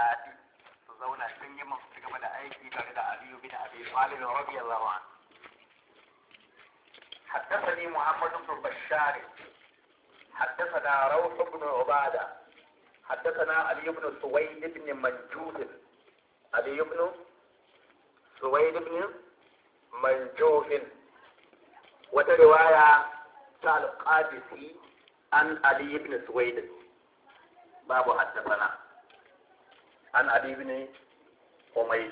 sati su zauna sun yi masu ci gaba da aiki tare da aliyu bin abi talib radiyallahu anhu حدثني محمد بن بشار حدثنا روح بن عبادة حدثنا علي بن سويد بن منجود علي بن سويد بن منجوف وترواية تعالى القادسي عن علي بن سويد باب حدثنا an Ali ibn Humayd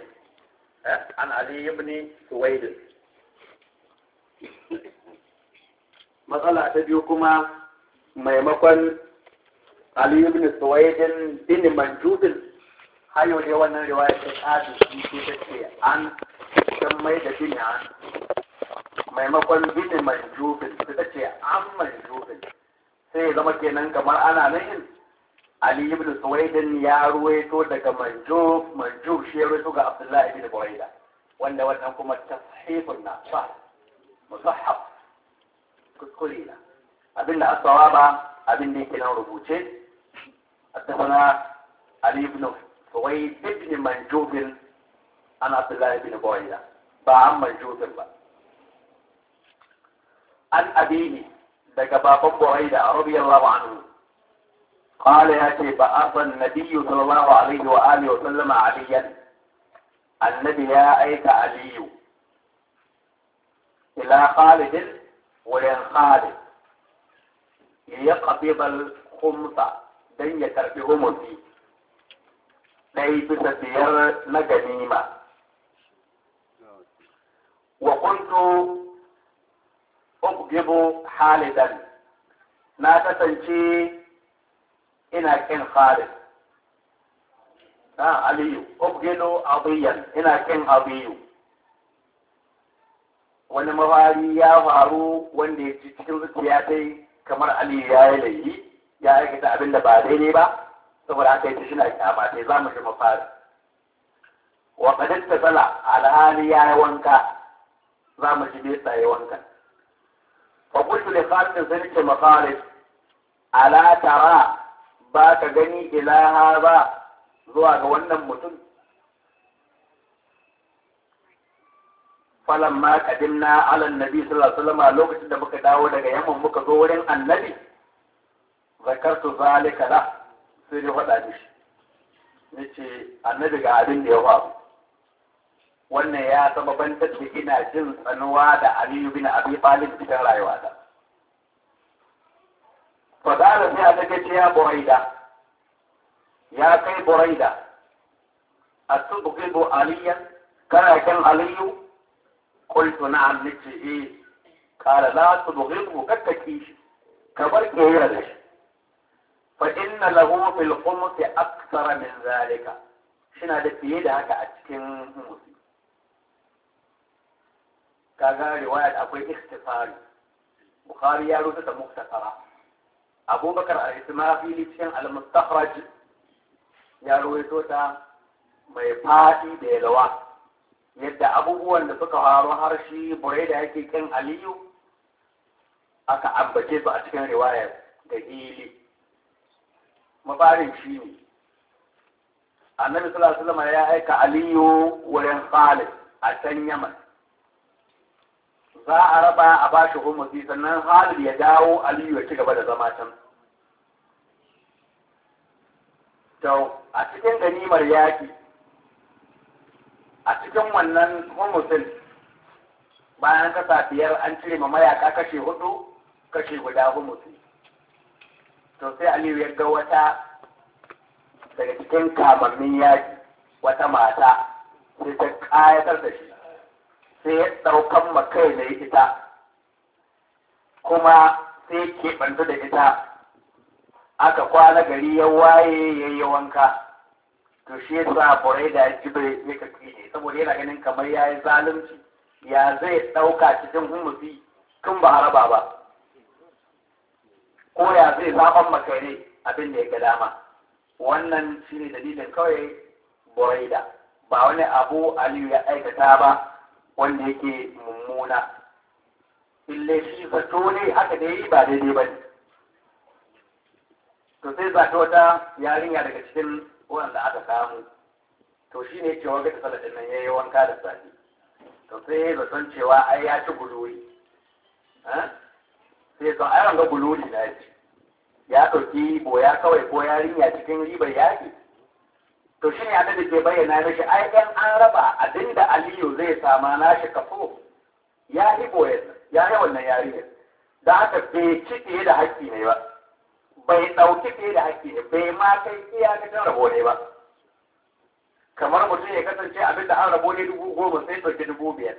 an Ali ibn Suwaid matsala ta biyu kuma maimakon Ali ibn Suwaid bin Manjubin hayo ne wannan riwaya ta tsadi shi ce take an dan mai da bin an maimakon bin Manjubin ta ce an Manjubin sai zama kenan kamar ana nan علي بن سويد يا رويتو دغ منجوب منجوب شي رويتو ga Abdullah ibn Buraida wanda wannan kuma tafhiqun na sah musahhab kullina abinda asawaba abin da yake nan rubuce علي بن سويد بن منجوب انا عبد الله بن بويدا با منجوب منجوف ba عن أبيه دغ باب بويدا رضي الله عنه قال ياتي فأرضى النبي صلى الله عليه وآله وسلم عليا النبي يا أيك علي إلى خالد ولين خالد ليقبض الخمسة دن يتربهم في ɗai bisa biyar وقلت أقبض خالدا ما تسنشي ina kin Khalid na Aliyu ubgilu abiyan ina kin abiyu wani mafari ya faru wanda ya ci cikin zuciya dai kamar Aliyu ya yi laifi ya aikata abin da ba daidai ba saboda haka ta shina kyama sai za mu shi mafari wa qad tasala alhali ya yi wanka za mu shi bai tsaye wanka fa da li Khalid sai ce ma ala tara ba ka gani ilaha ba zuwa ga wannan mutum falan ma kadimna ala nabi sallallahu alaihi wasallam lokacin da muka dawo daga yamman muka zo wurin annabi zakartu zalika la sai da faɗa mishi yace annabi ga abin da ya faru wannan ya sababanta da ina jin tsanuwa da Aliyu bin Abi Talib cikin rayuwata فقال في أنك يا بريدة يا كي بريدة أتبغض عليا كان كان علي قلت نعم نتي إيه قال لا تبغضه كتكيش كبرك هي ليش فإن له في الخمس أكثر من ذلك شنا da fiye da haka a cikin humusi kaga riwayar akwai istifari bukhari abubakar al-isma'ili cikin al-mustakhraj ya rawaito ta mai faɗi da yalwa yadda abubuwan da suka faru har shi burai da yake kin aliyu aka ambace su a cikin riwaya da hili mafarin shi ne annabi sallallahu alaihi wasallam ya aika aliyu wurin khalid a can yaman za a raba a ba shi humusi sannan halil ya dawo aliyu ya ci gaba da zama can to a cikin ganimar yaƙi a cikin wannan humusin bayan kasa biyar an cire ma mayaka kashe hudu kashe guda humusi to sai aliyu ya ga wata daga cikin kamannin yaƙi wata mata sai ta ƙayatar da shi sai ya ɗaukan ma kai na ita kuma sai keɓantu da ita aka kwana gari ya waye ya yi wanka to shi sa bore da ya ji bai ya kafi saboda yana ganin kamar ya yi zalunci ya zai ɗauka cikin humusi tun ba haraba ba ko ya zai zaɓan makare abin da ya ga dama wannan shi ne dalilin kawai Buraida. ba wani abu aliyu ya aikata ba wanda yake mummuna ille shi zato ne aka da yi ba daidai ba ne to sai za ta wata yarinya daga cikin wanda aka samu to shi ne cewa ga tafala din nan ya yi wanka da safi to sai ya zaton cewa ai ya ci guduri sai zan ai wanga guluri na ya ci ya ɗauki boya kawai ko yarinya cikin ribar yaƙi to shi shine annabi ke bayyana mishi ai dan an raba abinda aliyu zai sama nashi kafo ya yi boyar, ya yi wannan yariyar da haka bai ci fiye da haƙƙi ne ba bai ɗauki fiye da haƙƙi ne bai ma kai iya iyakacin rabo ne ba kamar mutum ya kasance abinda an rabo ne dubu goma sai ɗauki dubu biyar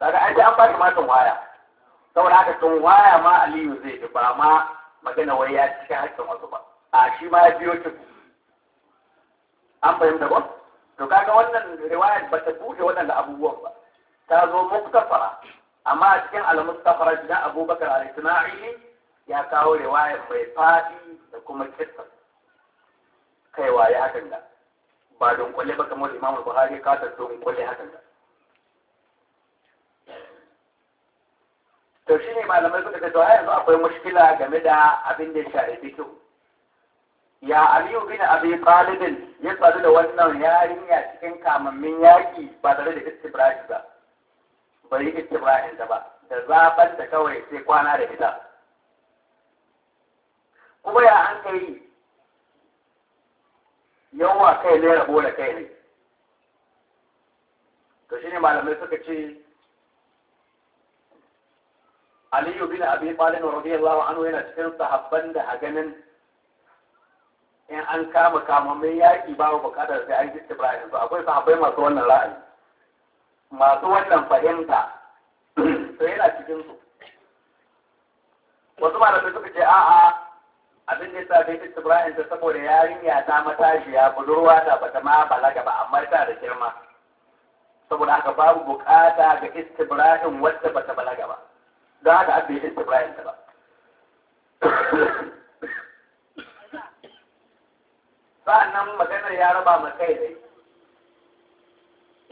daga an ji an ba shi matan waya saboda haka tun waya ma aliyu zai ba ma magana wai ya cika haƙƙin wasu ba a shi ma ya biyo cikin. an fahimta ba to kaga wannan riwaya ba ta buɗe waɗanda abubuwan ba ta zo muktafara amma a cikin al-mustafara da Abubakar al-Isma'ili ya kawo riwaya mai fadi da kuma kissa kai waye hakan da ba don kulle ba kamar Imam Buhari ka ta don kulle hakan da to ne malamai suka ce to yanzu akwai mushkila game da abin da ya shafi fikihu ya aliyu bin abi talibin ya tsadu da wannan yarinya cikin kamammin yaki ba tare da istibrahi ba bari istibrahin da ba da zaɓar da kawai sai kwana da ita kuma ya an kai yawa kai ne rabo da kai ne to shine malamai suka ce aliyu bin abi talib radiyallahu anhu yana cikin sahabban da a ganin in an kama mai yaƙi babu buƙatar sai an gitta ba yanzu akwai sahabbai masu wannan ra'ayi masu wannan fahimta to yana cikin su wasu da su suka ce a'a abin da yasa bai gitta ba ta saboda yarinya ta matashiya budurwa ta bata ma balaga ba amma ta da girma saboda haka babu buƙata ga istibra'in wacce bata balaga ba don haka abin istibra'in ta ba sa'annan maganar ya raba mai kai dai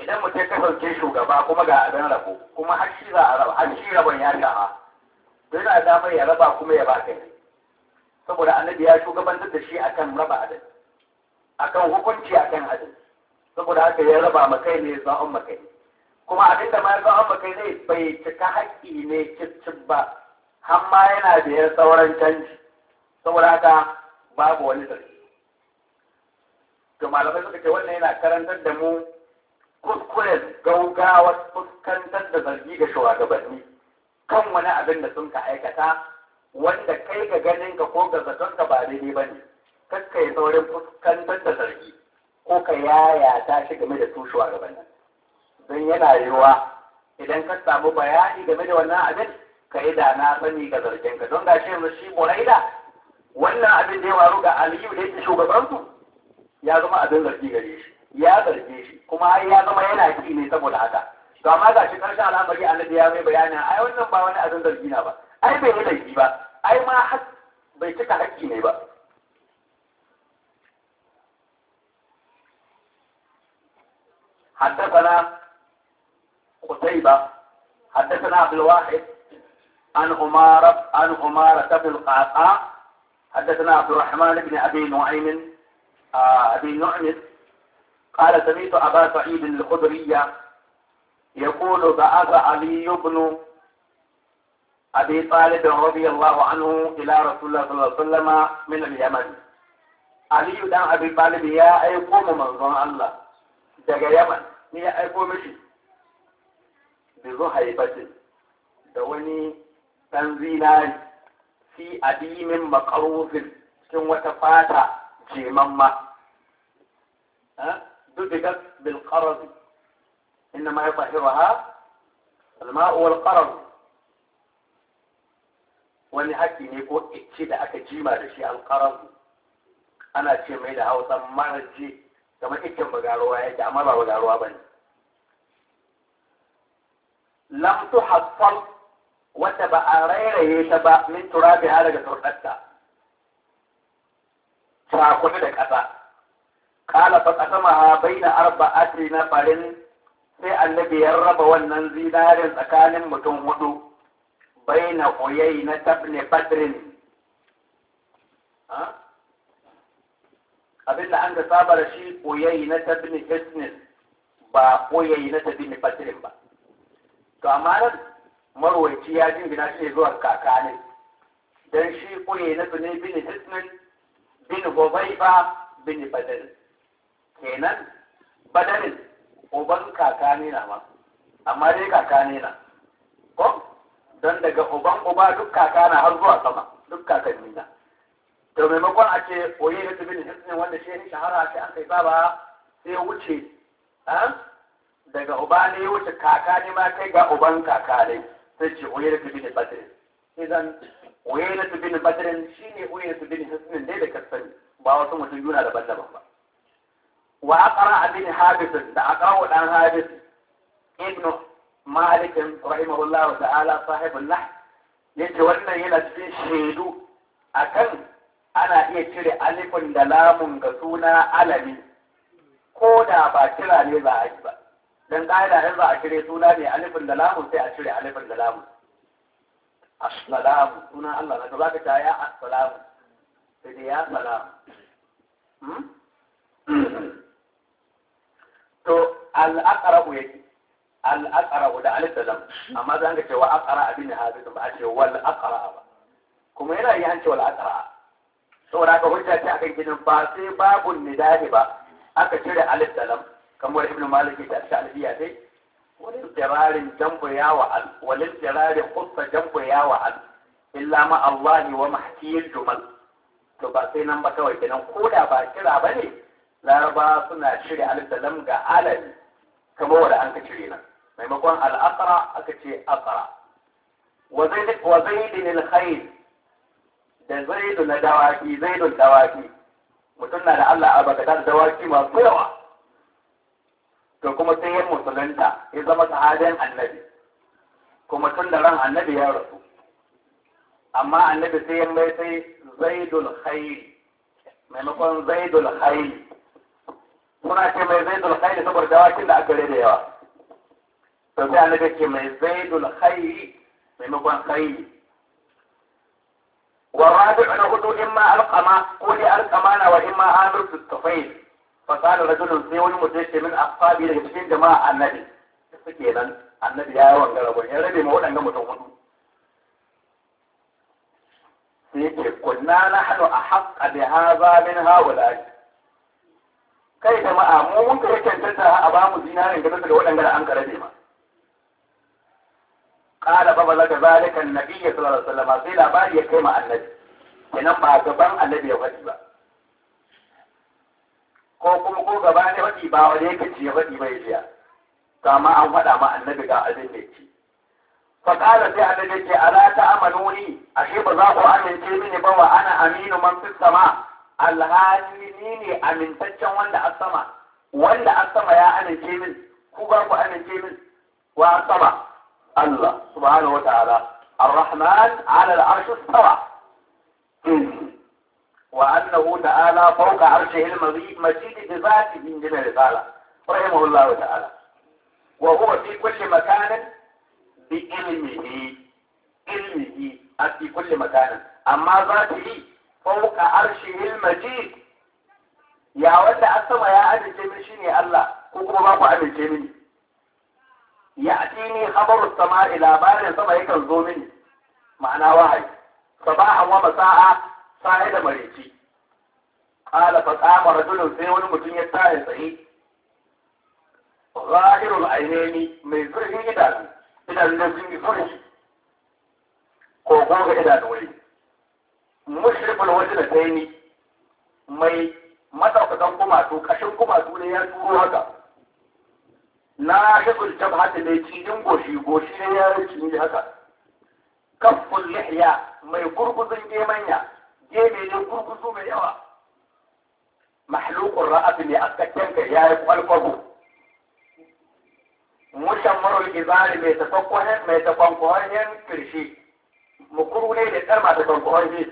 idan mutum ka sauke shugaba kuma ga abin rabo kuma har shi za a raba har shi rabon ya sha'a don a damar ya raba kuma ya ba kai saboda annabi ya shugabantar da shi akan raba adal akan hukunci akan adal saboda haka ya raba mai kai ne za'on makai kuma abin da ma za'on makai ne bai cika haƙƙi ne cicin ba har ma yana da sauran canji saboda haka babu wani zargi to malamai suka ce wannan yana karantar da mu kuskuren gaugawa fuskantar da zargi ga shugabanni kan wani abin da sun ka aikata wanda kai ga ganin ka ko ga zaton ka ba daidai ba ne kakkai saurin fuskantar da zargi ko ka yaya ta shi game da su shugabannin don yana yiwuwa idan ka samu bayani game da wannan abin ka yi da na sani ga zargin ka don shi yanzu shi buraida wannan abin da ya waru ga aliyu da yake shugabansu ya zama abin zargi gare shi ya zarge shi kuma ai ya zama yana ki ne saboda haka to amma ga shi karshen al'amari annabi ya mai bayani ai wannan ba wani abin zargi na ba ai bai yi laifi ba ai ma har bai cika haƙƙi ne ba حدثنا قتيبة حدثنا عبد الواحد عن عمارة عن عمارة بن القعقاع حدثنا عبد الرحمن بن أبي نعيم آه، أبي نعمس قال سميت أبا سعيد الخدرية يقول بعث علي بن أبي طالب رضي الله عنه إلى رسول الله صلى الله عليه وسلم من اليمن علي بن أبي طالب يا أيقوم من الله دقى يمن يا أيقوم شيء بظهيبة دوني تنزيلان في أديم مقروف كن وتفاتا في ها دلدت بالقرض إنما يطهرها الماء والقرض wani haƙƙi ne ko ice da aka jima da shi alƙarar ana ce mai da hausa maraje kamar ikin bagarowa yake amma ba bagarowa ba ne lam tuhassal wata ba a rairaye ta ba min turabi daga turɗarta cakuɗe da ƙasa kala fa arba baina arba'ati farin sai annabi ya raba wannan zinarin tsakanin mutum hudu baina uyai na tabne Abin abinda an ga saba da shi uyai na tabne hisnis ba uyai na tabne badrin ba to amma nan marwaci ya jingina shi zuwa kakanin dan shi uyai na tabne bin bin Hubayba bin Badal kenan Badalin uban kaka ne na ma amma dai kaka ne na ko don daga uban uba duk kaka na har zuwa sama duk kakanni na to maimakon a ce oyi da bin Hisnin wanda shi ne shahara shi an kai baba sai wuce daga uba ne wuce kaka ne ma kai ga uban kaka ne sai ce oyi da bin Badal idan su bin badrin shine su bin hisnin dai da kasani ba wasu mutum yuna daban-daban ba wa aqra bin habis da aqra dan habis ibnu malik rahimahullahu ta'ala sahibul lah yace wannan yana cikin shaidu akan ana iya cire alifin da lamun ga suna alami ko da ba kira ne ba a yi ba dan ƙa'ida in ba a cire suna ne alifin da lamun sai a cire alifin da lamun assalamu sunan Allah na gaba ka ya assalamu sai dai ya salamu hmm? to al'aqrabu yake al'aqrabu da alif da lam amma zan ga cewa aqra abin hadis ba a ce wal aqra ba kuma yana yi an ce wal aqra saboda ka hujja ce akan gidan ba sai babun nidahi ba aka cire alif da lam kamar ibnu malik da shalibiya dai walil jararin jamba yawa al walil illa ma Allah wa mahtiyil jumal to ba sai nan ba kawai kenan koda ba kira bane laraba suna cire alif da lam ga alal an ka cire maimakon al-aqra aka ce da na dawaki dawaki mutum na da Allah dawaki masu yawa to kuma sai ya musulunta ya zama sahaben annabi kuma tun da ran annabi ya rasu amma annabi sai ya mai sai zaidul khairi maimakon zaidul khairi suna ce mai zaidul khairi saboda dawakin da aka da yawa to sai annabi ce mai zaidul khairi maimakon khairi والرابع نقول إما ألقما قولي ألقمانا وإما آمر في الطفيل فقال رجل سيوي مدرسة من أصحابي لجمسين جماعة النبي سكيلا النبي يا وانقلب ويرد مولا عندما تغنو سيكي قلنا نحن أحق بهذا من هؤلاء كيف ما أمو ممكن يتنسلتها أبام الزينان عندما تقول أنقل أنقل ديما قال بابا لك ذلك النبي صلى الله عليه وسلم قيل أبالي كما النبي إنما أتبع النبي وغيره ko kuma ko gaba ne wadi ba wani yake ci ya wadi mai biya to amma an faɗa ma annabi ga abin da yake fa qala sai annabi ce ala ta'amaluni ashe ba za ku amince mini ba wa ana aminu man fis sama alhaji ni ne amintaccen wanda a sama wanda a sama ya amince min ku ba ku amince min wa sama Allah subhanahu wa ta'ala الرحمن على العرش استوى وأنه تعالى فوق عرشه المجيد بذاته من الرسالة رحمه الله تعالى وهو في كل مكان بعلمه علمه في كل مكان أما ذاته فوق عرشه المجيد يا ولد أسمى يا أهل الجميل شيني الله كوكو بابا أهل الجميل يأتيني خبر السماء إلى بار السماء يكن معنى واحد صباحا ومساء sai da mareci ƙala fa qama rajulun sai wani mutum ya tsaya tsaye zahirul ainaini mai zurfin idanu idan na zurfin zurfi ko goga idanu wani mushrikul wajen da ta mai matsaukakan kumatu kashin kumatu ne ya turo haka na shigul jabhati mai cikin goshi goshi ne ya yi haka kafin lihiya mai gurgudun gemanya gemi ne kurkusu mai yawa mahlukun ra'abi ne askakken kai ya yi kwalkwago mushammarul izari mai tafakkohen mai tafankkohen kirshi mukuru ne da tsarma tafankkohen shi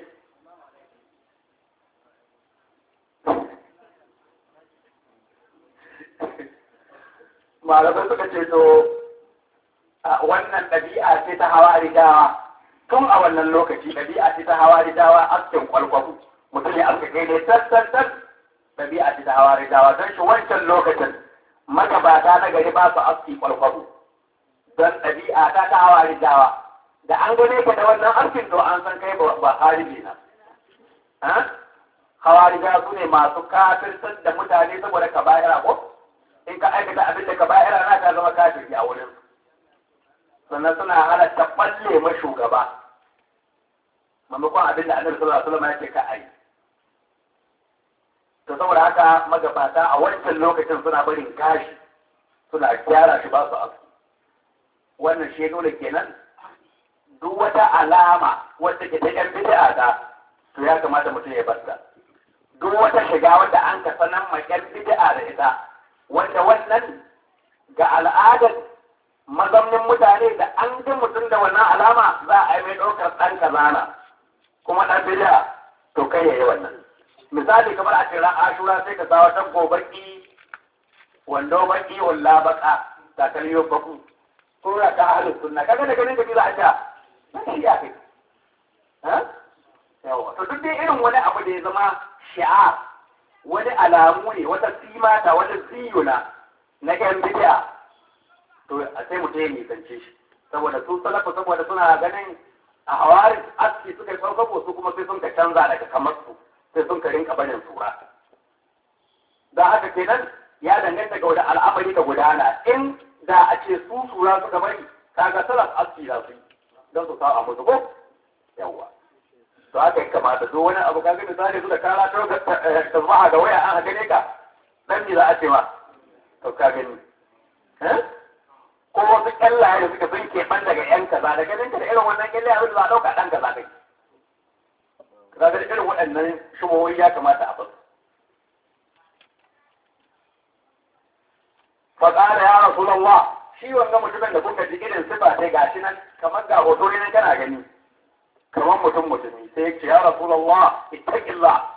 malamai suka ce to wannan ɗabi'a ce ta hawa rigawa tun a wannan lokaci ɗabi'a ce ta hawa ridawa askin kwalkwabu mutum ya aka kai ne tattattar ɗabi'a ce ta hawa dawa don shi wancan lokacin magabata na gari ba su aski kwalkwabu don ɗabi'a ta ta hawa dawa da an gane ka da wannan askin to an san kai ba haribi na hawarija su ne masu kafirtar da mutane saboda ka bayar ko in ka aikata abin da ka bayar na ta zama kafirci a wurin sannan suna halatta balle ma shugaba mamakon abin da annabi sallallahu alaihi wasallam yake ka ai to saboda haka magabata a wancan lokacin suna barin gashi suna gyara shi ba su abu wannan shi dole kenan duk wata alama wacce ke ta yan bid'a da to ya kamata mutum ya barta duk wata shiga wadda an ka sanan ma yan bid'a da ita wanda wannan ga al'adar mazaunin mutane da an ji mutum da wannan alama za a yi mai ɗaukar ɗan kazana kuma ɗan bid'a to kai yayi wannan misali kamar a cikin ashura sai ka sawa tanko baki wando baki walla baka da kaliyo baku kuma ta ahlus sunna kaga da ganin da za a ta sai ya kai ha yawa to duk dai irin wani abu da ya zama shi'a wani alamu ne wata simata wata ziyuna na yan bid'a to sai mutum ya nisance shi saboda su salafa saboda suna ganin a hawarin, aski suka yi farko su kuma sai sun ka canza daga kamar su sai sun ka rinka barin sura da haka kenan ya danganta ga wani al'amari da gudana in da a ce su sura suka bari kaga salaf aski za su yi don su sa'a musu ko yawwa to haka kama kamata duk wani abu kaga misali su da kara ta zuwa ga waya an ne ka dan ne za a ce ma to ka gani eh ko wasu kyallaye da suka sun keɓen daga ƴan kaza da ganin ka da irin wannan kyallaye abin da a ɗauka ɗan kaza kai kaga da irin waɗannan shugabanni ya kamata a bar faƙara ya rasu wa shi wannan mutumin da kuka ji irin sifa sai gashi nan kamar ga hoto ne kana gani kamar mutum mutumi sai ya ce ya rasulallah ittaqillah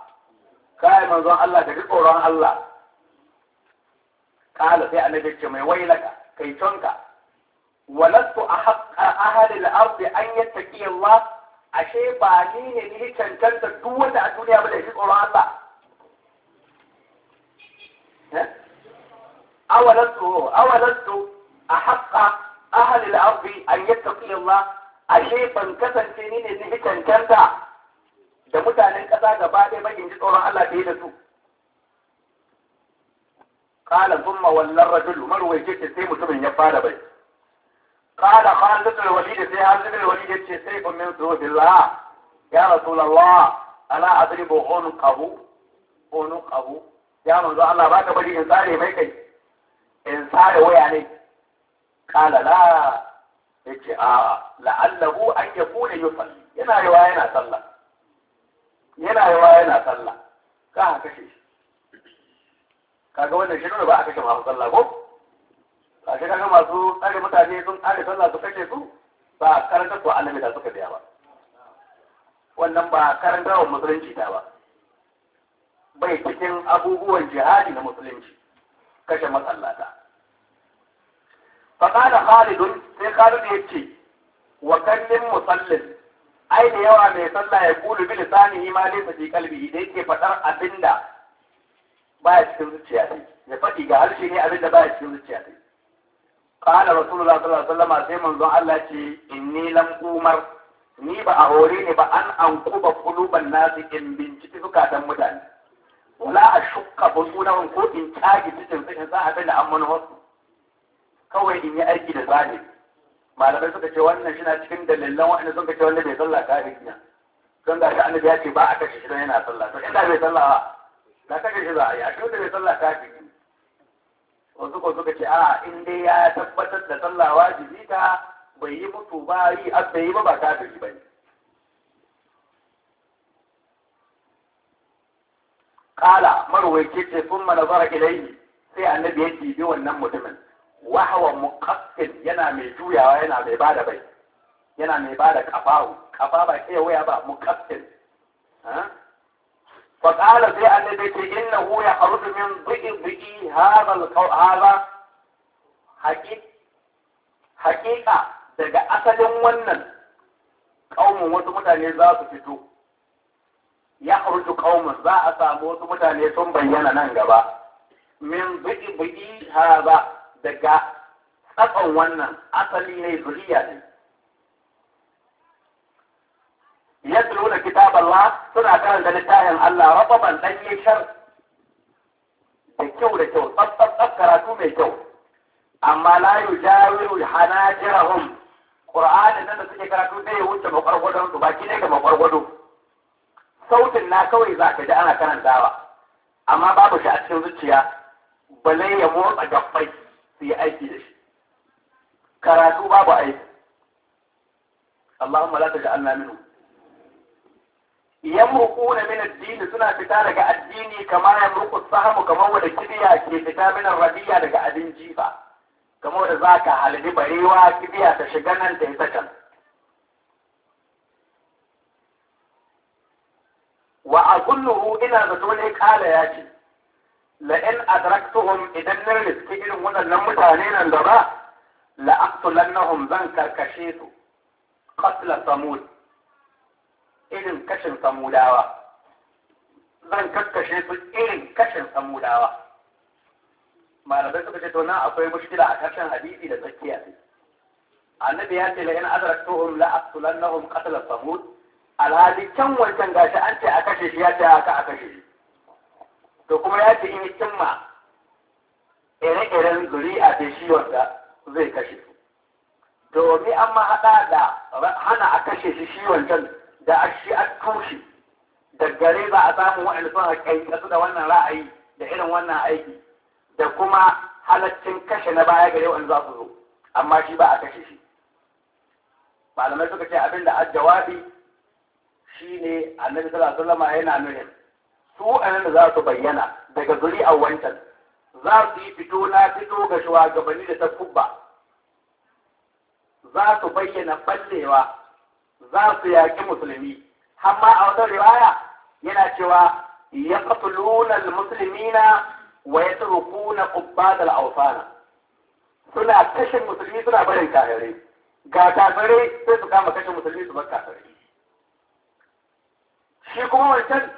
kai manzon Allah da tsoron Allah kala sai annabi ce mai wailaka kai tonka ولست أحق أهل الأرض أن يتقي الله أشيء بعدين اللي تنتهي الدولة الدنيا بلا شيء ولا أبا أولست أولست أحق أهل الأرض أن يتقي الله أشيء بنكسر سنين اللي تنتهي da mutanen kasa gabaɗe bakin ji tsoron Allah da da su kala zumma wallan rajul umar wai kike sai mutumin ya fara bai قال خالد بن الوليد في خالد بن الوليد في سيف من سيوف الله يا رسول الله أنا أضرب عنقه عنقه يا من الله بعد بدي إن ساري ميكي إن ساري ويعني قال لا يتشي آه لعله أن يكون يصلي ينا رواينا صلى ينا رواينا صلى كان كشيش kaga wannan shi nuna ba a kashe masu sallah ko kashe shi kaga masu tsare mutane sun tsare sallah su kashe su ba karanta su annabi da suka biya ba wannan ba karanta wa musulunci ta ba bai cikin abubuwan jihadi na musulunci kashe masallata da khalidun sai khalid ya ce wa kallin musallin ai da yawa mai sallah ya kulu bi lisanihi ma laysa fi qalbihi da yake faɗar abinda baya cikin zuciya ne ya faɗi ga harshe ne abinda baya cikin zuciya ne kana rasulullah sallallahu alaihi wasallam sai manzon Allah ce inni lam umar ni ba a hore ne ba an an kuba kuluban nasu in binciki zukatan mutane wala a shukka busunahun ko in tsage cikin su in sa abin da an manuwarsu kawai in yi aiki da zahiri malamai suka ce wannan shi na cikin dalilan waɗanda suka ce wanda bai sallah ta rikiya don da shi annabi ya ce ba a kashe shi don yana sallah to inda bai sallah ba na kashe shi za a yi a shi wanda bai sallah ta rikiya wasu ko suka ce a in dai ya tabbatar da sallah wajibi ta bai yi mutu ba yi bai yi ba ba kafiri ba ne kala marwaice ce sun mana zara ilaihi sai annabi ya jibi wannan mutumin wahawa muqaffin yana mai juyawa yana mai bada bai yana mai bada kafahu kafa ba sai waya ba muqaffin ha فقال في النبي إنه يخرج من ضئضئ هذا القو... هذا حقيقة حقيقة daga asalin wannan ƙaumin wasu mutane za su fito ya harutu ƙaumin za a samu wasu mutane sun bayyana nan gaba min buɗi buɗi haza daga tsakon wannan asali ne ya tsoro da kitab Allah suna karanta littafin Allah rababan dan yi shar da kyau da kyau tsaf karatu mai kyau amma la yujawiru hanajirahum Qur'anin nan da suke karatu zai wuce makwargwadon su baki ne ga makwargwado sautin na kawai za ka ji ana karantawa amma babu shi a cikin zuciya bale ya motsa gabbai su yi aiki da shi karatu babu aiki Allahumma la taj'alna minhum yamruquna min addini suna fita daga addini kamar yamruqu sahamu kamar wanda kibiya ke fita min rabiya daga abin jifa kamar da zaka halbi barewa kibiya ta shiga nan ta ita kan wa aqulluhu ina zato ne kala ya ce la in idan na riski irin waɗannan mutane nan gaba la aqtulannahum zan karkashe su qatla samud irin kashin samudawa zan kakkashe su irin kashin samudawa malamai suka ce to nan akwai mushkila a kashin hadisi da tsakiya ne annabi ya ce la in adraktuhum la aqtulannahum qatl samud alhali can wancan gashi an ce a kashe shi ya ce aka a kashe shi to kuma ya ce in cimma ire-iren zuri'a da shi wanda zai kashe su domin an ma hada da hana a kashe shi shi wancan da a shi a tushe da gare ba a samu sun a kai kasu da wannan ra'ayi da irin wannan aiki da kuma halaccin kashe na baya gare wa'anda za su zo amma shi ba a kashe shi malamai suka ce abin da jawabi ne annabi sallallahu alaihi wasallam yana nuna su wa'anda za su bayyana daga a wancan za su yi fito na fito ga shuwagabanni da ta kubba za su bayyana ballewa za su yaƙi musulmi amma a wata riwaya yana cewa ya katuluna musulmina wa ya turkuna ubbadal ausana.' suna kashe musulmi suna barin kafirai ga kafirai sai su kama kashe musulmi su bar kafirai shi kuma wancan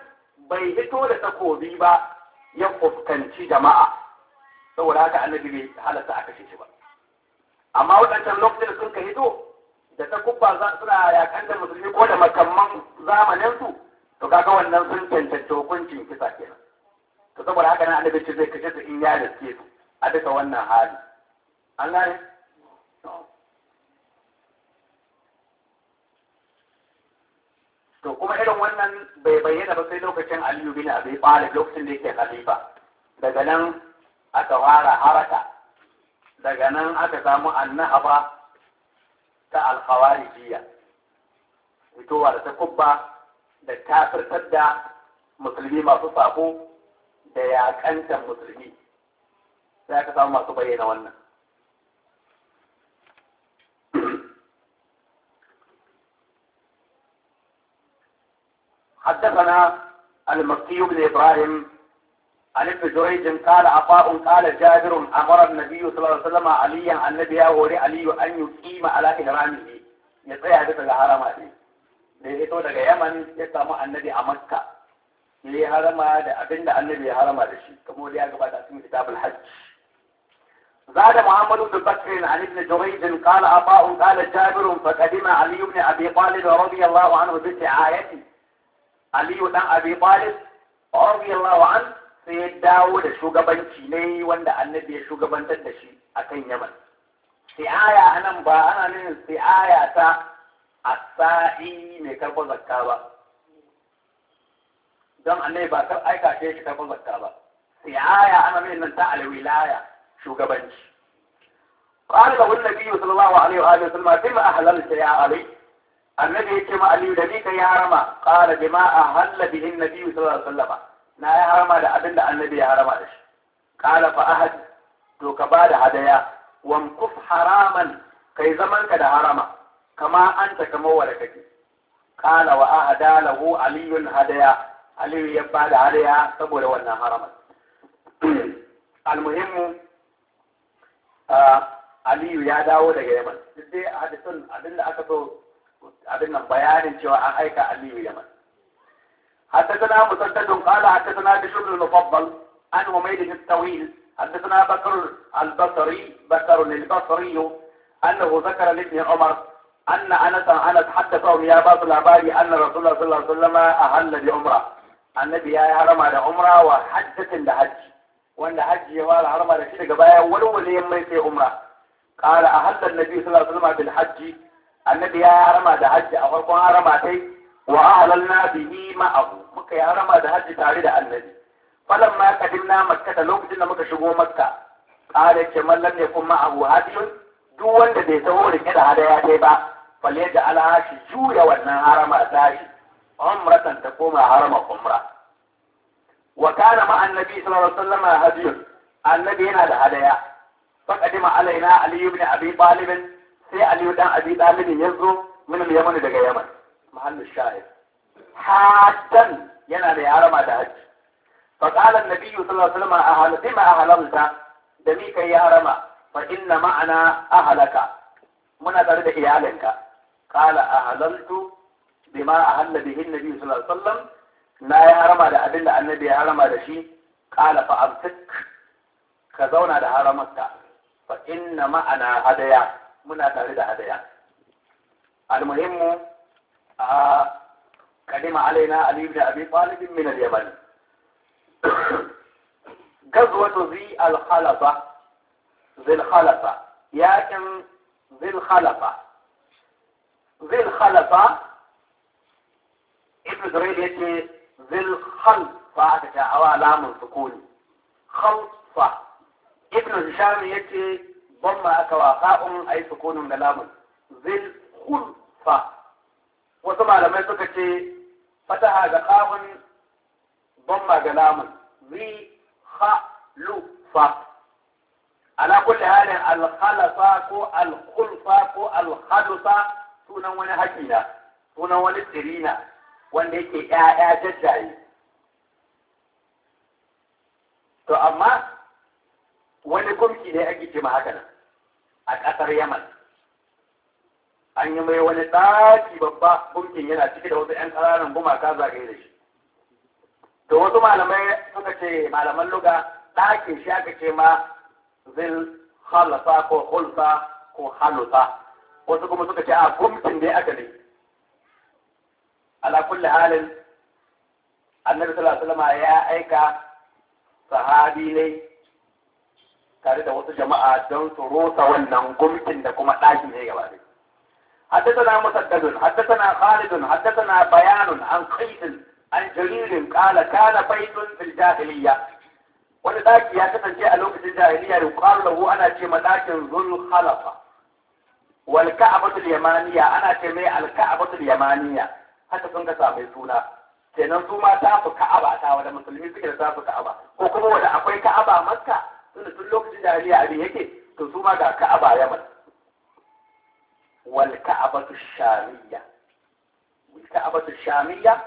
bai hito da takobi ba ya fuskanci jama'a saboda haka annabi bai halatta a kashe shi ba amma waɗancan lokacin da sun ka hito da ta kubba suna yakan da musulmi ko da makamman zamaninsu to kaga wannan sun cancanci hukuncin kisa kenan to saboda haka nan annabi ce zai kashe su in ya riske su a duka wannan hali an gane to kuma irin wannan bai bayyana ba sai lokacin Aliyu bin Abi Talib lokacin da yake khalifa daga nan aka fara haraka daga nan aka samu annahaba ta alkhawarijiyya fitowa da takubba da kafirtar da musulmi masu sako da yakantar musulmi sai aka samu masu bayyana wannan حدثنا المكي بن ابراهيم عن ابن جريج قال عطاء قال جابر امر النبي صلى الله عليه وسلم عليا عن النبي وري علي ان يقيم على احرامه يطيع بيت الحرام دي da ya fito daga yaman ya samu annabi a makka ya yi harama da abinda annabi ya harama da shi kamar da ya gabata cikin kitabul hajj زاد محمد بن بكر عن ابن جريج قال عطاء قال جابر فقدم علي بن ابي طالب رضي الله عنه بسعايته علي بن ابي طالب رضي الله عنه sai ya dawo da shugabanci ne wanda annabi ya shugabantar da shi a kan yaman si'aya a nan ba ana nuna si'aya ta a sa'i mai karɓar zakka ba don annabi ba ta aika ce shi karɓar zakka ba si'aya ana nuna nan ta alwilaya shugabanci قال له النبي صلى الله عليه وآله وسلم بما أهللت يا علي النبي كما علي ذلك يا رما قال بما أهل به النبي صلى الله عليه وسلم na ya harama da abin da annabi ya harama da shi Kala fa ahad to ka ba da hadaya wamkuf haraman kai zaman ka da harama kama an ta kama wanda kake Kala wa ahada lahu aliyun hadaya aliyu ya ba da hadaya saboda wannan haraman almuhimmu aliyu ya dawo daga yaman duk dai hadisin abin da aka so abin nan bayanin cewa an aika aliyu yaman حدثنا مسدد قال حدثنا بشر المفضل عن بن الطويل حدثنا بكر البصري بكر البصري أنه ذكر لابن عمر أن أنس أنس حدثهم يا بعض العبادي أن رسول الله صلى الله عليه وسلم أهل بعمرة النبي يا حرم على عمرة وحجة لحج وأن حج يا حرم على شيء قبايا ولو ليم في عمرة قال أهل النبي صلى الله عليه وسلم بالحج النبي يا حرم على حج او حرم على wa ahlalna bihi ma'ahu muka yi harama da hajji tare da annabi falan ma kadimna makka da lokacin da muka shigo makka qala ke man lam yakun ma'ahu hadiyun duk wanda bai taho rike da hadaya dai ba falle da alhashi juya wannan harama tashi umratan ta koma harama umra wa kana ma annabi sallallahu alaihi wasallam hadiyun annabi yana da hadaya faqadima alaina ali ibn abi talib sai ali dan abi talib yazo min yaman daga yaman محل الشاهد حاجا yana da yarama da hajji فقال النبي صلى الله عليه وسلم أهل بما أهلمت دميك يا رمى فإن معنا أهلك من أدرد إيالك قال أهللت بما أهل به النبي صلى الله عليه وسلم لا يا رمى دا أدل النبي يا رمى دا شيء قال فأبتك كذونا ده هرمك فإن معنا هدايا من أدرد هدايا المهم قدم علينا علي بن أبي طالب من اليمن غزوة ذي الخلفة ذي الخلفة ياكن ذي الخلفة ذي الخلفة ابن جرير يتي ذي الخلفة تتعوى علام السكون خلفة ابن هشام يتي ضم أكواقاء أي سكون من لام ذي الخلفة wasu malamai suka ce fataha ga kafin bamma ga lamun zi ha lu fa ala kulli halin alkhalasa ko alkulfa ko alkhalusa sunan wani hakina sunan wani tsirina wanda yake ƴaƴa jajjaye to amma wani kumki ne ake ce haka nan a ƙasar yaman an yi mai wani ɗaki babba gunkin yana cike da wasu 'yan ƙananan gumaka zagaye da shi to wasu malamai suka ce malaman luga ɗakin shi aka ce ma zil halasa ko hulsa ko halusa wasu kuma suka ce a gumkin ne aka ne ala halin annabi sallallahu alaihi ya aika sahabi ne tare da wasu jama'a don su rusa wannan gumkin da kuma ɗakin ne gaba ɗaya حدثنا مسدد حدثنا خالد حدثنا بيان عن قيس عن جليل قال كان بيت في الجاهلية ولذلك يا يكتن جاء لوك في الجاهلية وقال له انا في مداكن ذو الخلفة والكعبة اليمانية انا في الكعبة اليمانية حتى كنت سابي سولا سنن سوما تافو كعبة تاو دا مسلمين سكرة تافو كعبة وكما ودا اقوي كعبة مكة سنن سلوك في الجاهلية اللي هيكي كعبة يمن والكعبة الشامية والكعبة الشامية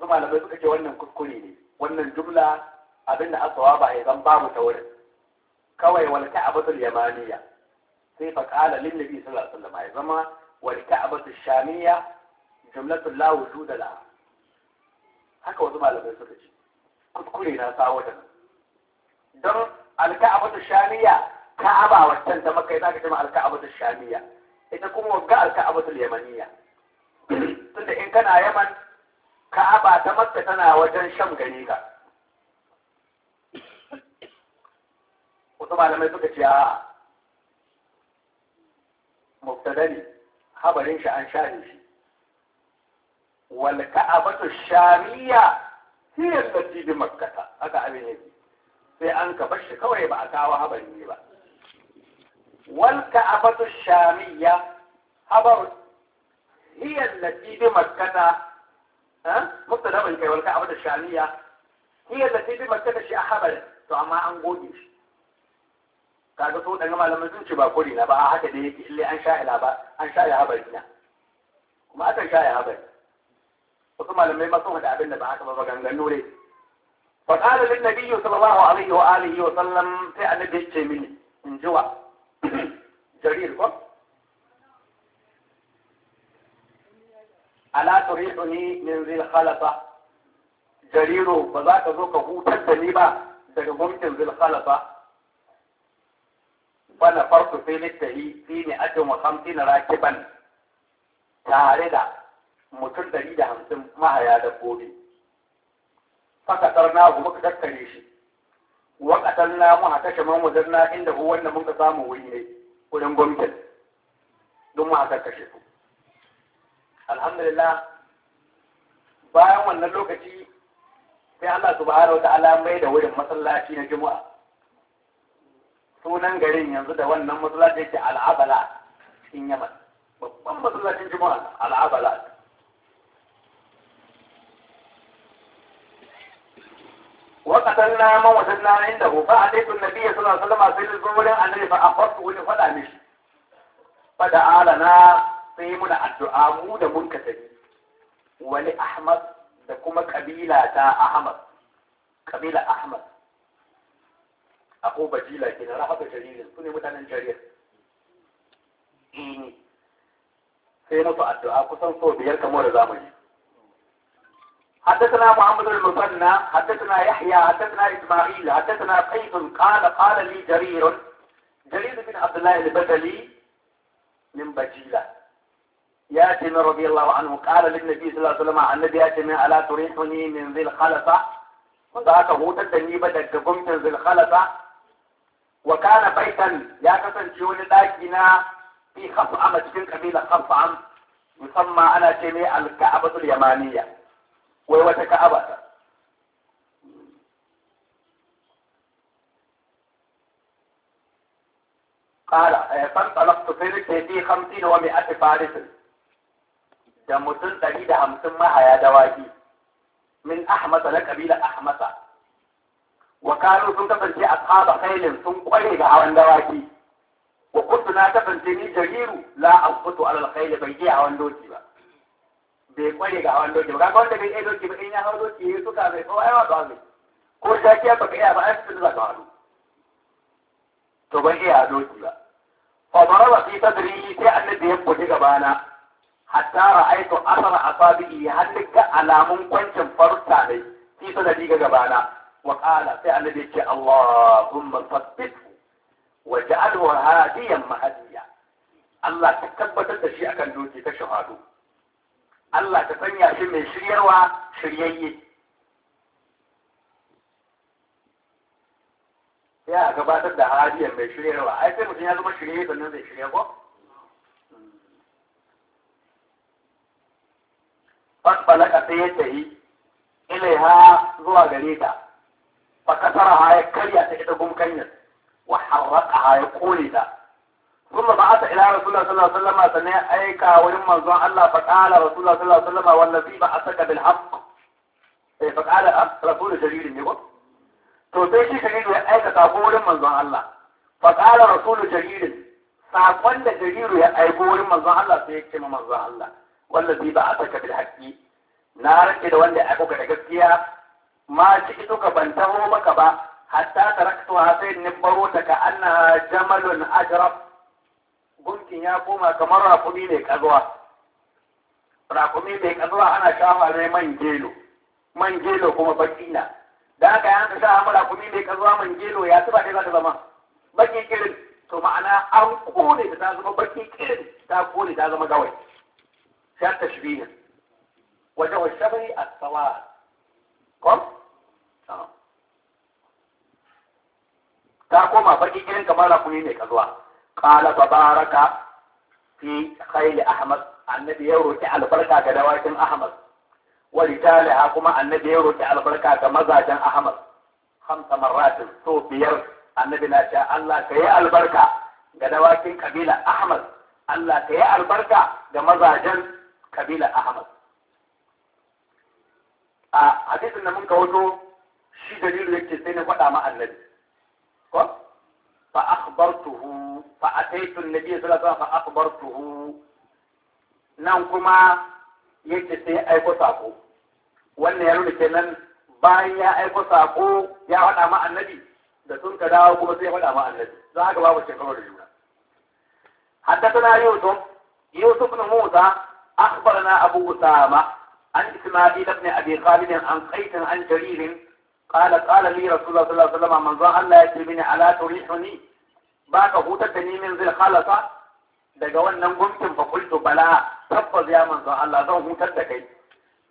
ثم على بيت كجو ونن كوكوليني ونن جملة أبن أصوابع إذن باب تورد كوي والكعبة اليمانية كيف قال للنبي صلى الله عليه وسلم والكعبة الشامية جملة لا وجود لها هكا وثم على بيت كجو كوكولينا ساودنا در الكعبة الشامية كعبة وشتن تمكة يتاك جمع الكعبة الشامية إذا كم وقع الكعبة اليمنية تنت إن كان يمن كعبة تمكة تنا وجن شم غنيكا وطبعا لما يتوك جاء مبتدني خبر إنشاء أن شاهده والكعبة الشامية هي التي بمكة هذا أبي نبي sai an ka bashi kawai والكعبة الشامية خبر هي التي بمكة ها مبتدا من والكعبة الشامية هي التي بمكة شيء خبر تو أما أن قديش كذا تقول أنما لما تنشى بقولي نبا أحد اللي اللي أنشأ لابا أنشأ يا هبلنا وما أنشأ يا هبل وثم لما ما تقول هذا بنا بعد بقى نقول فقال للنبي صلى الله عليه وآله وسلم في أن بيشتمني من جوا جرير كو ألا تريحني من ذي الخلطة جرير بذاك ذوك هو تدنيبا دقمت ذي الخلفة فنفرت في للتهي في مئة وخمسين راكبا تاردا متن دريد همسم ما هيا دبوبي فكترناه مكتكريشي wa qatalna mu haka kaman wajarna inda ko wanda mun ka samu wuri ne wurin gwamnati don mu haka kashe su alhamdulillah bayan wannan lokaci sai Allah subhanahu wata'ala mai da wurin masallaci na juma'a sunan garin yanzu da wannan masallaci yake al'abala cikin yaman babban masallacin juma'a al'abala وقتلنا ما وجدنا عنده فأتيت النبي صلى الله عليه وسلم في الزور أنني فأخذت ولفدا مش فدعا لنا سيمنا الدعاء مود منكسر ولأحمد دكما قبيلة تا أحمد قبيلة أحمد أقوى بجيلة كنا رحب جليل سنة متانا جرير sai musu addu'a kusan sau biyar kamar da zamu yi حدثنا محمد المثنى حدثنا يحيى حدثنا إسماعيل حدثنا قيس قال قال لي جرير جرير بن عبد الله البدلي من بجيلة يا من رضي الله عنه قال للنبي صلى الله عليه وسلم النبي ياتي من ألا تريحني من ذي الخلفة وذاك هو تدني بدك من ذي الخلفة وكان بيتا يا كسن جون داكنا في خفعم تكن قبيلة خفعم يسمى على جميع الكعبة اليمانية wai wata ka'aba قال فانطلقت في رجلي في خمسين ومئة فارس da mutum ɗari da hamsin mahaya dawaki min ahmasa na ƙabilar ahmasa wa kano sun kasance a kaba kailin sun kware ga hawan dawaki wa kuntu na kasance ni jariru la an fito alal kaili bai je hawan doki ba bai kware ga hawan doki ba kaga wanda bai iya doki ba in ya hawa doki ya suka bai kowa yawa ba zai ko shaki ba ka iya ba an sun zaka hawa to ban iya doki ba fa baraba fi sadri sai annabi ya buji gabana hatta ra'aytu asara asabi'i hannaka alamun kwancin farta dai fi sadri ga gabana wa qala sai annabi ya ce Allahumma thabbithu waj'alhu hadiyan mahdiya Allah ka tabbatar da shi akan doki ta shahadu Allah ta sanya shi mai shiryarwa shiryayye ya gabatar da hadiyar mai shiryarwa ai sai mutum ya zama shirye sannan zai shirya ko fasbalaka sai ya tahi ilaiha zuwa gare ta fakasara ha ya karya ta ita gumkanyar wa harraka ha ya kone ta kuma ba ata ila rasulullah sallallahu alaihi wasallam sanne aika wurin manzon Allah fa qala rasulullah sallallahu alaihi wasallam wallazi ba asaka bil haqq sai eh, fa qala rasul jarir to sai shi jarir ya aika sako wurin manzon Allah fa qala rasul jarir sakon da ya aika wurin manzon Allah sai ya ce manzon Allah wallazi ba asaka bil haqqi na rike da wanda ya aika da gaskiya ma ciki duka ban taho maka ba hatta taraktuha sai ni baro jamalun gunkin ya koma kamar rakumi mai kazuwa rakumi mai kazuwa ana shafa ne man gelo man gelo kuma baki na da aka yi hanka shafa rakumi mai kazuwa man gelo ya tuba ne za ta zama baki kirin to ma'ana an kone ta zama baki kirin ta kone ta zama gawai sai ta Waje wajen shabari a tsawa kom ta koma baki kirin kamar rakumi mai kazuwa قال تبارك في خيل أحمد النبي يروي على البركه كدواك أحمد ولتالي هاكما النبي يروي على البركه كمزاجا أحمد خمس مرات سو بير النبي ناشا الله كي البركة كدواك قبيلة أحمد الله كي البركة كمزاجا قبيلة أحمد a ان da mun kawato shi dalilu yake مع النبي فاخبرته fa ataitu annabi sallallahu alaihi wasallam fa akhbartuhu nan kuma yake sai aiko sako wannan ya nuna kenan bayan ya aiko sako ya faɗa ma da sun ka dawo kuma sai faɗa ma annabi za haka babu shekaru da juna حدثنا يوسف يوسف بن موسى أخبرنا أبو أسامة عن إسماعيل بن أبي خالد an قيس عن جرير قال قال لي رسول الله صلى الله عليه وسلم من ظن ala يجري ba ka hutar da ni min zai halasa daga wannan gumkin fa kultu bala tabbas ya manzo Allah zan hutar da kai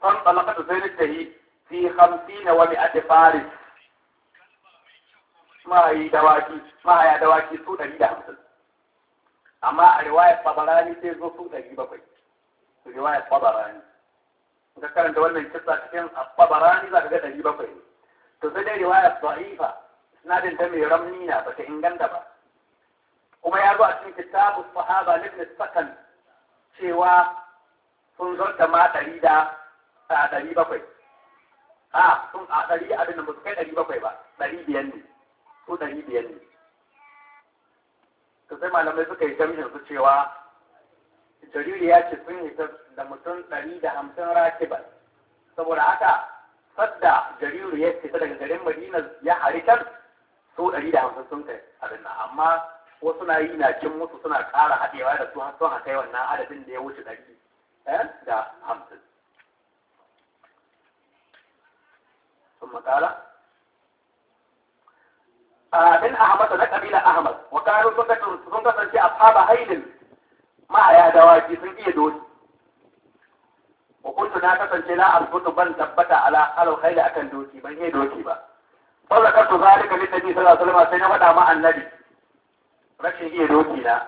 san da sai yi fi 50 wa 100 faris waki, dawaki da dawaki su 150 amma a riwayar fabarani sai zo su 700 riwayar tabarani ga karanta wannan kissa cikin fabarani za ka ga 700 to sai dai riwayar da'ifa sanadin ta mai ramni na ba ta inganta ba kuma ya zo a cikin kitabu sahaba libn sakan cewa sun zarta ma ɗari da ɗari bakwai a sun a ɗari abin da kai ɗari bakwai ba ɗari biyar ne ko ɗari biyar ne to sai malamai suka yi jami'in su cewa jariri ya ce sun yi da mutum ɗari da hamsin rakibar. saboda haka sadda jariru ya ce daga garin madina ya harikar su ɗari da hamsin sun kai abin nan amma wasu na yi na cin musu suna ƙara haɗewa da su har sun a kai wannan adadin da ya wuce ɗari eh, da hamsin sun makala bin ahmad na ƙabila ahmad wa karu sun kasance a faba haidin ma'aya dawaki sun iya doki hukuntu na kasance na arzutu ban tabbata ala alkhairi akan doki ban iya doki ba fa zakatu zalika ta nabi sallallahu alaihi wasallam sai na faɗa ma annabi rashin iya doki na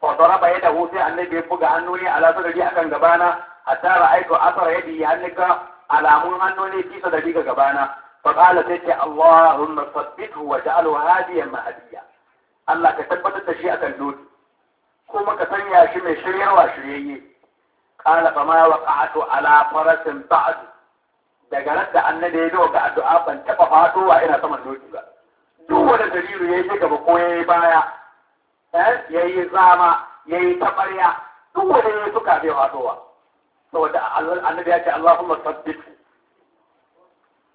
fa daraba yadahu sai annabi ya buga hannu ne ala sadari akan gabana hatta ra'aytu athara yadi hannaka alamun hannu ne fi sadari ga gabana fa qala sai ce Allahumma sabbithu wa ja'alhu hadiyan mahdiya Allah ka tabbatar da shi akan doki kuma ka sanya shi mai shiryarwa shiryayye qala fa ma waqa'tu ala farasin ba'd daga nan da annabi ya zo ga addu'a ban taba fadowa ina saman doki ba duk wanda dalilu ya yi gaba ko ya yi baya ya yi zama ya yi taɓarya duk wani ne suka bai faɗowa saboda annabi ya ce Allahumma sabbit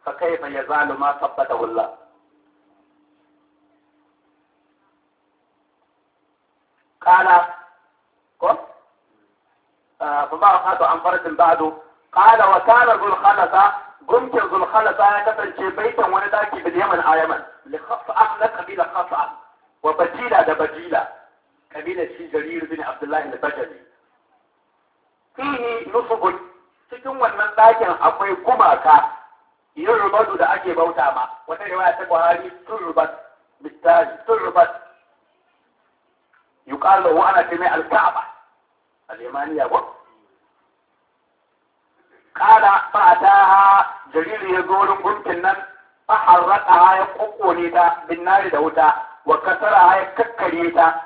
fa kaifa yazalu ma sabbata Allah قال قل فما أخذ عن فرد بعد قال وكان ذو الخلفة قمت ذو الخلفة يتفل شي بيتا ونداكي باليمن آيمن لخص أخلق بلا خصعة wa batila da batila kabilar shi jarir bin abdullahi da bajali fihi nusubun cikin wannan dakin akwai gumaka yin rubadu da ake bauta ma wata riwaya ta buhari turbat bitari turbat yuqalu wa ana tumi al-ka'ba al-yamaniya wa qala fa ataha jarir ya zo wurin nan fa harraqaha ta bin da wuta وكسرها ككريتا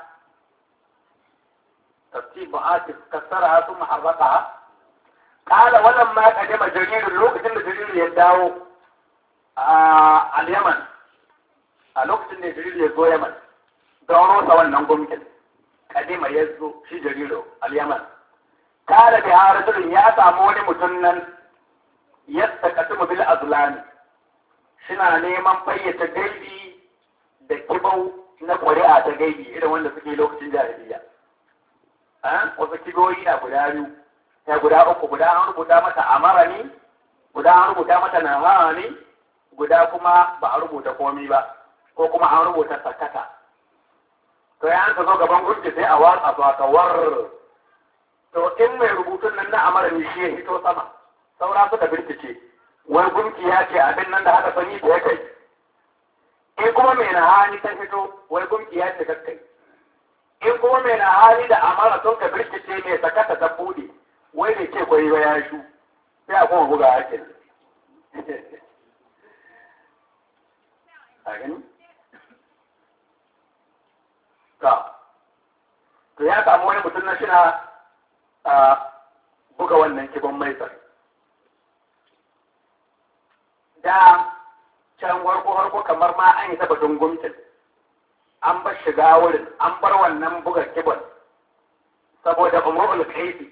ترتيب عاطف كسرها ثم حرقها قال ولما قدم جرير الوقت اللي جرير يداو آه، اليمن الوقت اللي جرير يزو يمن دورو سوى النقوم كده قدم يزو شي جرير اليمن قال بها رجل يا سامون مجنن يستقتم بالأظلان شنا نيمان بيت جيدي da kibau na ƙuri'a ta gaibi irin wanda suke lokacin jahiliya wasu kiboyi na guda biyu ya guda uku guda an rubuta mata amara ne guda an rubuta mata mara ne guda kuma ba a rubuta komi ba ko kuma an rubuta sakata to ya ka zo gaban gurji sai a watsa su aka war to in mai rubutun nan na amara ne shi ya hito sama saura suka bincike. wai gunki ya ce abin nan da haka sani da ya kai in kuma mai na hali ta fito wai gumki ya ce kakkai in kuma mai na hali da amara sun ka birkice mai sakata ta bude wai bai ce kwayi ba ya shu sai a kuma buga hakin a gani ka to ya samu wani mutum na shina a buga wannan kibon maisar da can warko warko kamar ma an yi taba gumtin an bar shiga wurin an bar wannan buga kibon saboda umrul kaifi.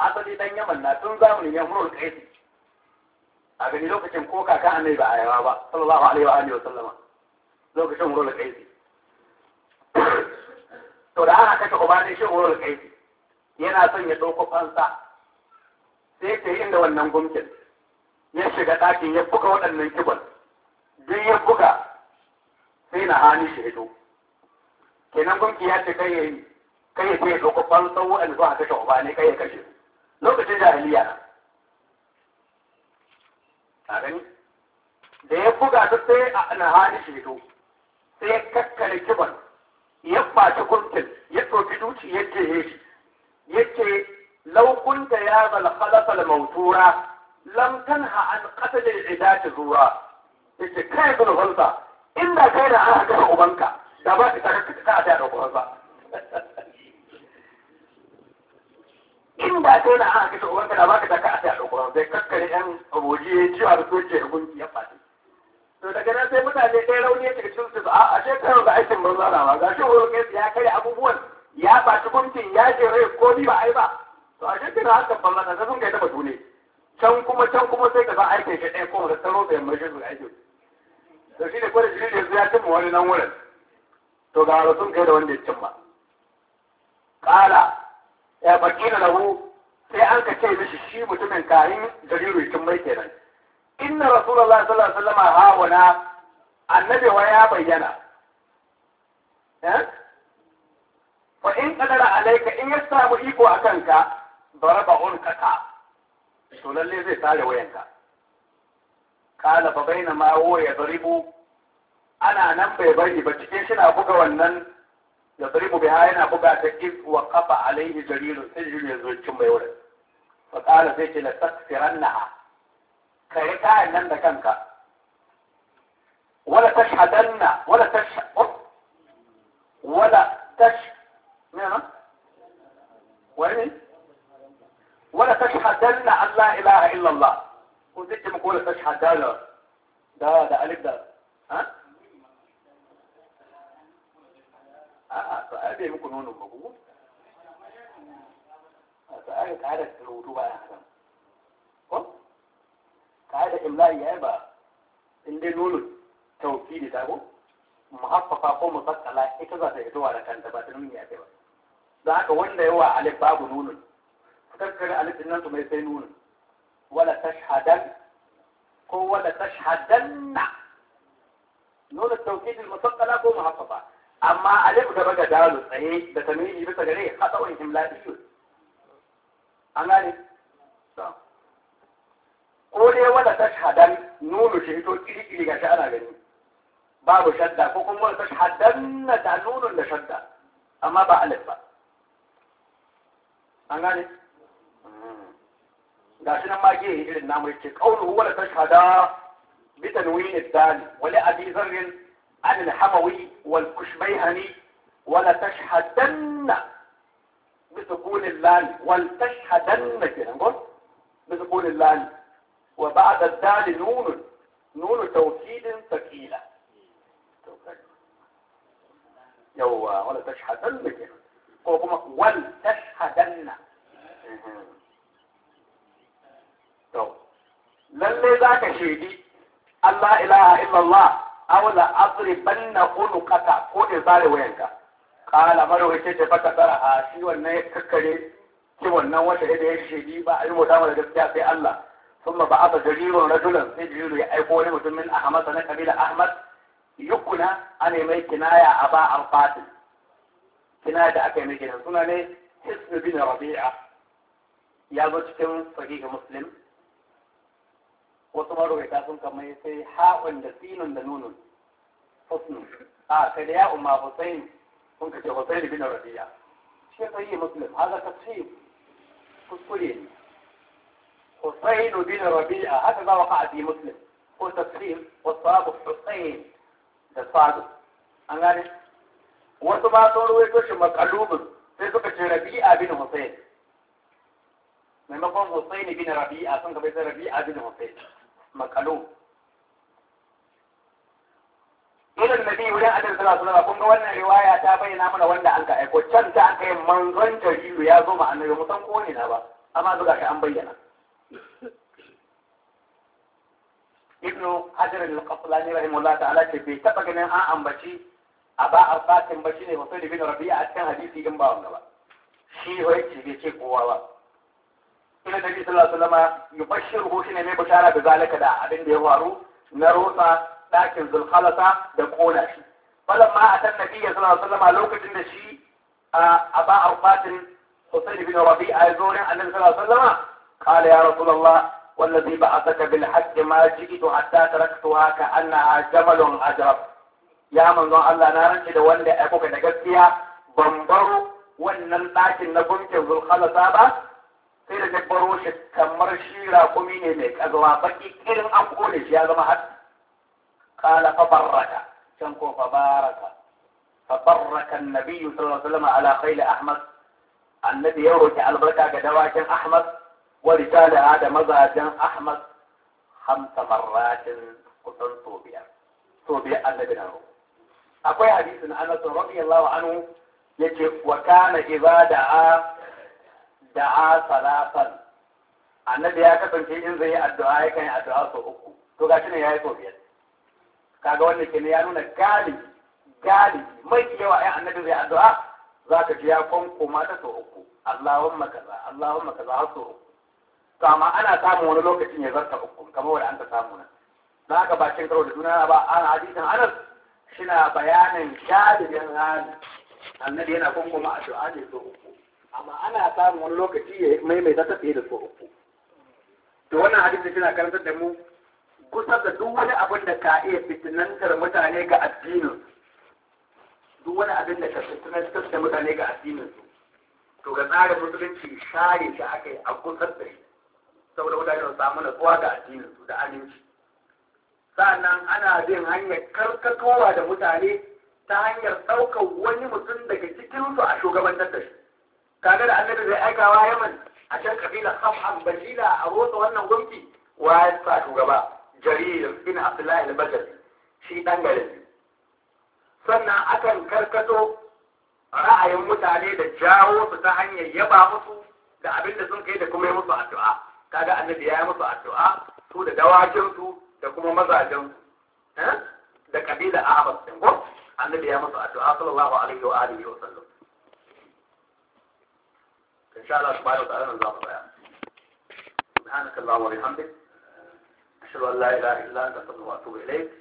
asali dan yaman na tun zamanin yamrul kaifi. a gani lokacin ko kaka a annabi ba a yawa ba sallallahu alaihi wa alihi wa sallama lokacin umrul kaifi. to da ana kashe kuma ne shi umrul kaisi yana son ya ɗauko fansa sai ta yi inda wannan gumkin ya shiga ɗakin ya buga waɗannan kibar duk ya buga sai na hannun shi hito kenan gunki ya ce kai yayi kai ya ce ɗauko ban sau waɗanda zuwa kashe uba ne kai ya kashe lokacin jahiliya na a gani da ya buga ta sai a na hannun shi hito sai ya kakkare kibar ya ɓaci gunkin ya ɗauki duci ya ce ya ce laukunta ya zalfalafal mautura lam tanha an qatl al-idati zuwa yace kai bin hulba inda kai da an haka ubanka da ba ka ta ka ta da ubanka inda kai da an ubanka da ba ka ta ka ta da ubanka bai kakkare yan aboji ya ji a rufe ce gunki ya fadi to daga nan sai mutane ɗaya rauni ya cikin su a a shekaru da aikin banza na ba shi wurin kai ya kai abubuwan ya ɓaci gunkin ya rai, ko ni ba ai ba to a shekaru haka ballaka sai sun kai ta batu ne can kuma can kuma sai ka san aikin shi ɗaya kuma da tsaro da yamma shi aiki aikin to shi ne kwada shi ne ya cimma wani nan wurin to ga rasun kai da wanda ya cimma ƙala ya faƙi na lahu sai an ka ce mishi shi mutumin kayan jariru ya cimma kenan inna rasulullah sallallahu alaihi wasallam hawana annabi wa ya bayyana eh fa in qadara alaika in yasabu iko akanka daraba unkaka to lalle zai sare wayanka kala fa bainama huwa yadribu ana nan bai bari ba cikin shi na buga wannan da zaribu bai haya yana buga ta iz wa kafa alaihi jarirun sai jirin ya zucin mai wurin fa kala sai ce la tasfiranna ka yi kayan nan da kanka wala tashhadanna wala tash wala tash ne na wani ولا تشهدن أن لا إله إلا الله وزدت مقولة تشهدن ده ده ألف ده ها فآية آه، ممكن هون موجود فآية تعالى الوجوب يا أحسن تعالى إملائي يا أبا اللي نقول توكيدي تابو muhaffafa ko musassala ita za ta fito da kanta ba ta nuni ya ba za ka wanda yawa alif babu nunun تذكر قالت ان انتم يسينون ولا تشهدن قوة ولا تشهدن نون التوكيد المصدق لا قوم حصبا أما ألف ده بقى دالو صحيح إيه؟ ده تمييز بس غيره خطأ وإنهم لا يشوز أنا لي يا ولا تشهدن نون شهيتو إلي إلي كاش أنا غني باب شدة كوكم ولا تشهدن تعلون ولا شدة أما بقى ألف بقى أنا لي gashi nan ma gehe irin namu yake qawluhu wala tashhada bi tanwin al-dal wa li abi zarr an al-hamawi wal kushmayhani wala tashhadanna bi sukun al-lal wal tashhadanna kenan ko bi sukun al-lal wa ba'da al-dal nun nun tawkid thaqila yawwa wala tashhadanna kenan ko kuma wal tashhadanna lalle za ka shaidi Allah ilaha illallah aw banna adribanna unuqaka ko in zare wayanka qala marwaye ce fata tsara shi wannan kakkare ki wannan wata da ya shaidi ba a yi mutama da gaskiya sai Allah ثم بعث جرير رجلا في جرير يأيقوني مثل من أحمد أنا قبيل أحمد يكنا أنا مي kinaya da aka yi أكي مي suna ne لي حسن بن ya cikin wasu marowata sun kamar sai ha'un da sinun da nunun husnu a sai da ya'un ma husain sun kace husain bin rabi'a shi sai yi muslim haka tafsir kuskure ne husain bin rabi'a haka za waka fi muslim ko tafsir wasu husain da sadu an gane wasu ma sun ruwaito shi makalubin sai suka ce rabi'a bin husain maimakon husain bin rabi'a sun kafa sai rabi'a bin husain makalu ila nabi wurin adal sallallahu alaihi kun ga wannan riwaya ta bayyana mana wanda an ka aiko can ta an kai manzon jariru ya zo ma annabi san ko ne na ba amma zuga shi an bayyana ibnu hajar al-qaslani rahimahullah ta'ala ce bai taba ganin an ambaci a ba a fatin ba shine da bin rabi'a a cikin hadisi in ba wanda ba shi hoyi ce bai ce kowa ba sai nabi sallallahu alaihi wasallam yubashshiruhu shine mai bishara da zalika da abin da ya faru na rosa dakin zulkhalasa da kona shi falamma atan nabi sallallahu alaihi wasallam lokacin da shi a ba arbatin Husayn bin Rabi'a ya zo ne annabi sallallahu alaihi wasallam قال يا رسول الله والذي بعثك بالحق ما جئت حتى تركتها كأنها جمل أجرب يا من الله نارك da wanda ya kuka da gaskiya ban baro wannan ɗakin na gunkin zulkhalasa ba sai da baro shi kamar shi raƙumi ne mai kagawa baki irin an kone shi ya zama har kala fa barraka can ko fa baraka fa barraka annabi sallallahu alaihi wasallam ala khayl ahmad annabi ya roki albarka ga dawakin ahmad wa risala da mazajen ahmad hamsa marratin kusan so biyar so biyar annabi na akwai hadisin anas radiyallahu anhu yace wa kana ibada da salatan annabi ya kasance in zai yi addu'a ya kan yi addu'a sau uku to gashi ne ya yi sau biyar kaga wannan kenan ya nuna gali, gali, mai yawa ai annabi zai addu'a Za ka ji ya kwankoma ta sau uku Allahumma kaza Allahumma kaza sau uku to amma ana samun wani lokacin ya zarta uku kamar wanda an ta samu nan Za haka bakin karo da juna ba an hadisin Anas shina bayanin galibin hali annabi yana kwankoma addu'a ne sau uku amma ana samun wani lokaci ya maimaita ta fiye da so uku to wannan hadisi tana karantar da mu kusa da duk wani abin da ka iya fitinantar mutane ga addinin duk wani abin da ka fitinantar da mutane ga addinin su to ga tsarin musulunci share shi aka yi a kusa da shi saboda mutane su samu natsuwa ga addinin su da aminci sa'annan ana bin hanyar karkatowa da mutane ta hanyar ɗaukar wani mutum daga cikinsu a shugabantar da shi kaga da annabi zai aikawa yaman a can kabila kafan bajila a rotsa wannan gwamnati wa ya sa shugaba jarir bin abdullahi al bajali shi dan garin sannan akan karkato ra'ayin mutane da jawo su ta hanyar yaba musu da abin da sun kai da kuma yi musu addu'a kaga annabi ya yi musu addu'a su da dawakinsu da kuma mazajensu eh, da kabila ahmad din ko annabi ya musu addu'a sallallahu alaihi wa alihi wa sallam ان شاء الله سبحانه وتعالى نظبطه يعني سبحانك اللهم وبحمدك اشهد ان لا اله الا انت استغفرك واتوب اليك